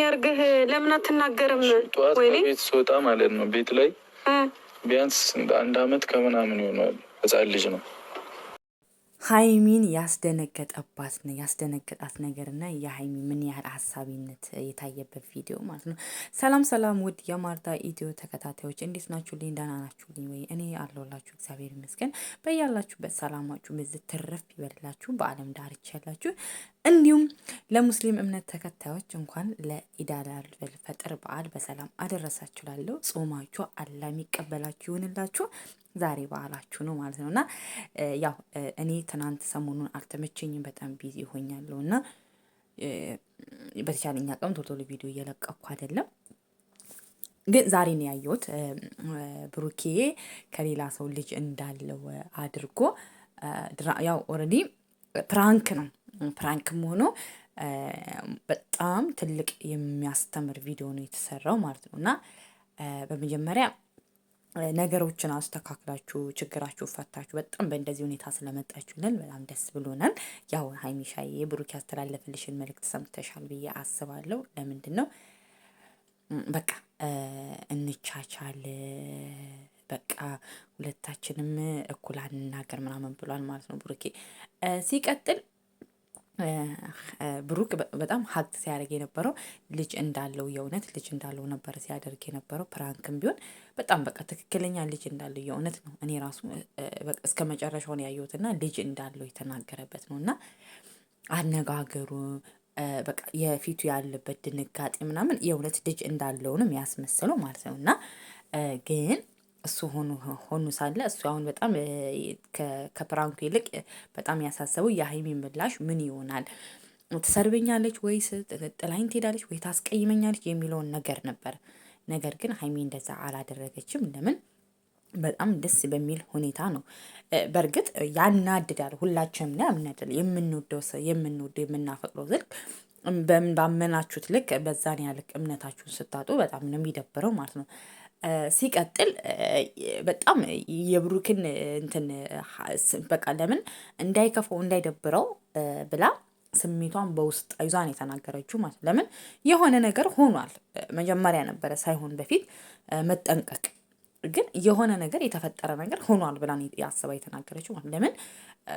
የሚያርግህ ለምን አትናገርም? ጠዋት ቤት ስወጣ ማለት ነው ቤት ላይ ቢያንስ አንድ አመት ከምናምን ይሆነዋል። ህፃን ልጅ ነው ሀይሚን ያስደነገጠባት ያስደነገጣት ነገር እና የሀይሚ ምን ያህል ሀሳቢነት የታየበት ቪዲዮ ማለት ነው። ሰላም ሰላም፣ ውድ የማርታ ኢትዮ ተከታታዮች እንዴት ናችሁልኝ? ደህና ናችሁልኝ ወይ? እኔ አለሁላችሁ እግዚአብሔር ይመስገን። በያላችሁበት ሰላማችሁ በዚህ ትርፍ ይበልላችሁ፣ በአለም ዳርቻ ያላችሁ እንዲሁም ለሙስሊም እምነት ተከታዮች እንኳን ለኢዳላል ፈጥር በዓል በሰላም አደረሳችሁ። ላለው ጾማችሁ አላህ የሚቀበላችሁ ይሆንላችሁ። ዛሬ በዓላችሁ ነው ማለት ነው። እና ያው እኔ ትናንት ሰሞኑን አልተመቸኝም፣ በጣም ቢዚ ሆኛለሁ እና በተቻለኛ ቀም ቶቶሎ ቪዲዮ እየለቀኩ አይደለም ግን ዛሬ ነው ያየሁት ብሩኬ ከሌላ ሰው ልጅ እንዳለው አድርጎ ያው ኦልሬዲ ፕራንክ ነው ፕራንክም ሆኖ በጣም ትልቅ የሚያስተምር ቪዲዮ ነው የተሰራው ማለት ነው እና በመጀመሪያ ነገሮችን አስተካክላችሁ ችግራችሁ ፈታችሁ በጣም በእንደዚህ ሁኔታ ስለመጣችሁልን በጣም ደስ ብሎናል። ያው ሀይሚሻዬ ብሩክ ያስተላለፍልሽን መልእክት ሰምተሻል ብዬ አስባለሁ። ለምንድን ነው በቃ እንቻቻል፣ በቃ ሁለታችንም እኩል አንናገር ምናምን ብሏል ማለት ነው ብሩኬ ሲቀጥል ብሩክ በጣም ሀክት ሲያደርግ የነበረው ልጅ እንዳለው የእውነት ልጅ እንዳለው ነበር ሲያደርግ የነበረው ፕራንክም ቢሆን በጣም በቃ ትክክለኛ ልጅ እንዳለው የእውነት ነው። እኔ ራሱ እስከ መጨረሻውን ያየሁትና ልጅ እንዳለው የተናገረበት ነው እና አነጋገሩ በቃ የፊቱ ያለበት ድንጋጤ ምናምን የእውነት ልጅ እንዳለውንም ያስመስለው ማለት ነው እና ግን እሱ ሆኑ ሆኑ ሳለ እሱ አሁን በጣም ከፕራንኩ ይልቅ በጣም ያሳሰበው የሀይሚ ምላሽ ምን ይሆናል? ትሰርበኛለች ወይስ ጥላኝ ትሄዳለች ወይ ታስቀይመኛለች የሚለውን ነገር ነበር። ነገር ግን ሀይሚ እንደዛ አላደረገችም። ለምን? በጣም ደስ በሚል ሁኔታ ነው። በእርግጥ ያናድዳል። ሁላችንም ላይ ያምናድል። የምንወደው ሰው የምንወደው የምናፈቅረው ስልክ በምን ባመናችሁት ልክ በዛን ያልክ እምነታችሁን ስታጡ በጣም ነው የሚደብረው ማለት ነው። ሲቀጥል በጣም የብሩክን እንትን በቃ ለምን እንዳይከፈው እንዳይደብረው ብላ ስሜቷን በውስጥ አይዟን የተናገረችው ማለት ለምን የሆነ ነገር ሆኗል። መጀመሪያ ነበረ ሳይሆን በፊት መጠንቀቅ ግን የሆነ ነገር የተፈጠረ ነገር ሆኗል ብላን የአሰባ የተናገረችው ማለት ለምን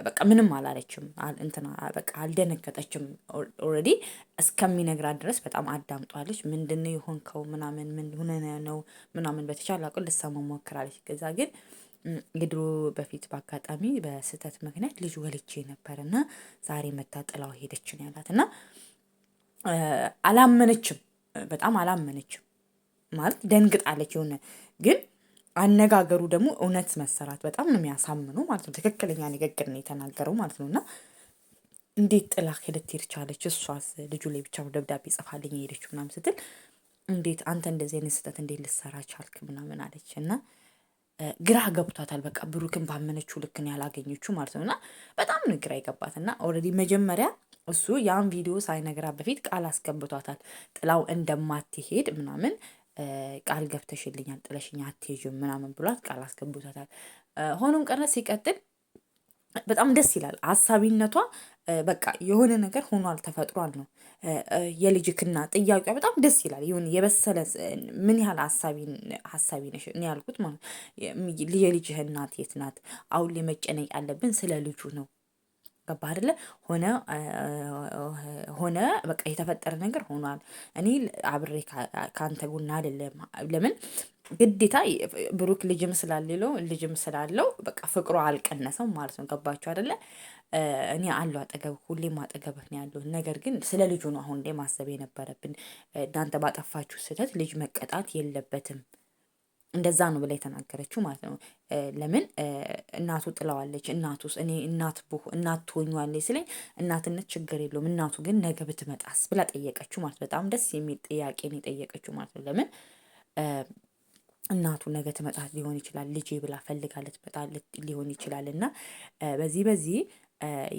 በቃ ምንም አላለችም። እንትና በቃ አልደነገጠችም። ኦልሬዲ እስከሚነግራት ድረስ በጣም አዳምጧለች። ምንድን የሆንከው ምናምን ምን ሆነ ነው ምናምን በተቻለ አቁል ልትሰማው ሞክራለች። ከዛ ግን የድሮ በፊት በአጋጣሚ በስህተት ምክንያት ልጅ ወልቼ ነበር እና ዛሬ መታ ጥላው ሄደች ነው ያላት እና አላመነችም። በጣም አላመነችም ማለት ደንግጣለች የሆነ ግን አነጋገሩ ደግሞ እውነት መሰራት በጣም ነው የሚያሳምነው ማለት ነው። ትክክለኛ ንግግር ነው የተናገረው ማለት ነው። እና እንዴት ጥላ ልትሄድ ቻለች? እሷስ ልጁ ላይ ብቻ ነው ደብዳቤ ጽፋልኝ የሄደችው ምናምን ስትል እንዴት አንተ እንደዚህ አይነት ስህተት እንዴት ልሰራ ቻልክ? ምናምን አለች እና ግራ ገብቷታል። በቃ ብሩክን ባመነችው ልክን ያላገኘችው ማለት ነው እና በጣም ነው ግራ ይገባት እና ኦልሬዲ መጀመሪያ እሱ ያን ቪዲዮ ሳይነግራ በፊት ቃል አስገብቷታል ጥላው እንደማትሄድ ምናምን ቃል ገብተሽልኛል ጥለሽኛ አትሄጂም ምናምን ብሏት ቃል አስገብቶታል። ሆኖም ቀረ ሲቀጥል በጣም ደስ ይላል ሀሳቢነቷ በቃ የሆነ ነገር ሆኗል ተፈጥሯል ነው የልጅክና ጥያቄዋ በጣም ደስ ይላል። ይሁን የበሰለ ምን ያህል ሀሳቢ ሀሳቢ ነሽ እኔ ያልኩት ማለት የልጅህ እናት የት ናት? አሁን ላይ ያለብን ስለ ልጁ ነው ገባህ ሆነ ሆነ በቃ የተፈጠረ ነገር ሆኗል። እኔ አብሬ ካንተ ጎን አይደለም። ለምን ግዴታ ብሩክ ልጅም ስላሌለው ልጅም ስላለው በቃ ፍቅሩ አልቀነሰው ማለት ነው። ገባችሁ አደለ? እኔ አለው አጠገብ ሁሌም አጠገብ ነው ያለው። ነገር ግን ስለ ልጁ ነው አሁን ላይ ማሰብ የነበረብን። እናንተ ባጠፋችሁ ስህተት ልጅ መቀጣት የለበትም። እንደዛ ነው ብላ የተናገረችው ማለት ነው። ለምን እናቱ ጥለዋለች። እናቱስ እኔ እናት ብሆ እናት ትሆኛለች ስለኝ እናትነት ችግር የለውም እናቱ ግን ነገ ብትመጣስ ብላ ጠየቀችው ማለት በጣም ደስ የሚል ጥያቄ ነው የጠየቀችው ማለት ነው። ለምን እናቱ ነገ ትመጣት ሊሆን ይችላል ልጄ ብላ ፈልጋ ልትመጣ ሊሆን ይችላል እና በዚህ በዚህ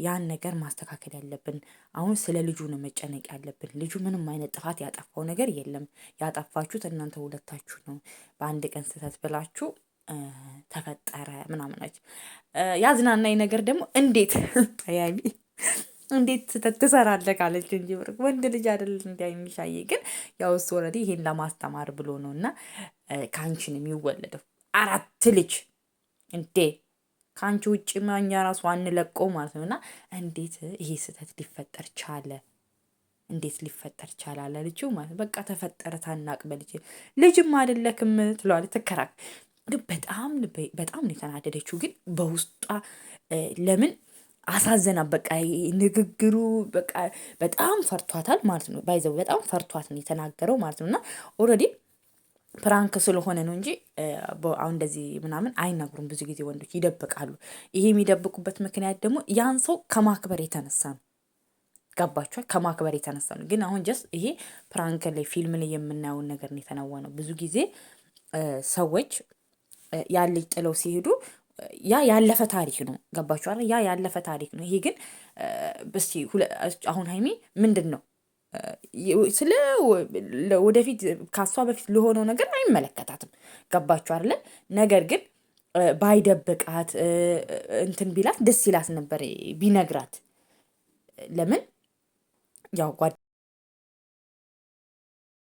ያን ነገር ማስተካከል ያለብን። አሁን ስለ ልጁ ነው መጨነቅ ያለብን። ልጁ ምንም አይነት ጥፋት ያጠፋው ነገር የለም። ያጠፋችሁት እናንተ ሁለታችሁ ነው። በአንድ ቀን ስህተት ብላችሁ ተፈጠረ ምናምናች ያዝናናኝ ነገር ደግሞ እንዴት ጠያሚ እንዴት ስህተት ትሰራለህ ካለች እንጂ ብር ወንድ ልጅ አይደል እንዲያ የሚሻይ ግን ያው እሱ ኦልሬዲ ይሄን ለማስተማር ብሎ ነው እና ከአንቺን የሚወለደው አራት ልጅ እንዴ ከአንቺ ውጭ ማኛ ራሱ አንለቀው ማለት ነው። እና እንዴት ይሄ ስህተት ሊፈጠር ቻለ? እንዴት ሊፈጠር ቻላለ? ልጁ ማለት በቃ ተፈጠረ ታናቅ በልጅ ልጅም አይደለክም ትለዋለች። ትከራክ በጣም በጣም ነው የተናደደችው። ግን በውስጧ ለምን አሳዘና በቃ ንግግሩ በቃ በጣም ፈርቷታል ማለት ነው። ባይዘው በጣም ፈርቷት ነው የተናገረው ማለት ነው እና ኦልሬዲ ፕራንክ ስለሆነ ነው እንጂ አሁን እንደዚህ ምናምን አይናገሩም። ብዙ ጊዜ ወንዶች ይደብቃሉ። ይሄ የሚደብቁበት ምክንያት ደግሞ ያን ሰው ከማክበር የተነሳ ነው። ገባችኋል? ከማክበር የተነሳ ነው። ግን አሁን ጀስ ይሄ ፕራንክ ላይ ፊልም ላይ የምናየውን ነገር ነው የተናወነው። ብዙ ጊዜ ሰዎች ያን ልጅ ጥለው ሲሄዱ ያ ያለፈ ታሪክ ነው። ገባችኋል? ያ ያለፈ ታሪክ ነው። ይሄ ግን እስኪ አሁን ሀይሚ ምንድን ነው ስለ ወደፊት ከሷ በፊት ለሆነው ነገር አይመለከታትም። ገባችሁ አይደለ? ነገር ግን ባይደብቃት እንትን ቢላት ደስ ይላት ነበር ቢነግራት። ለምን ያው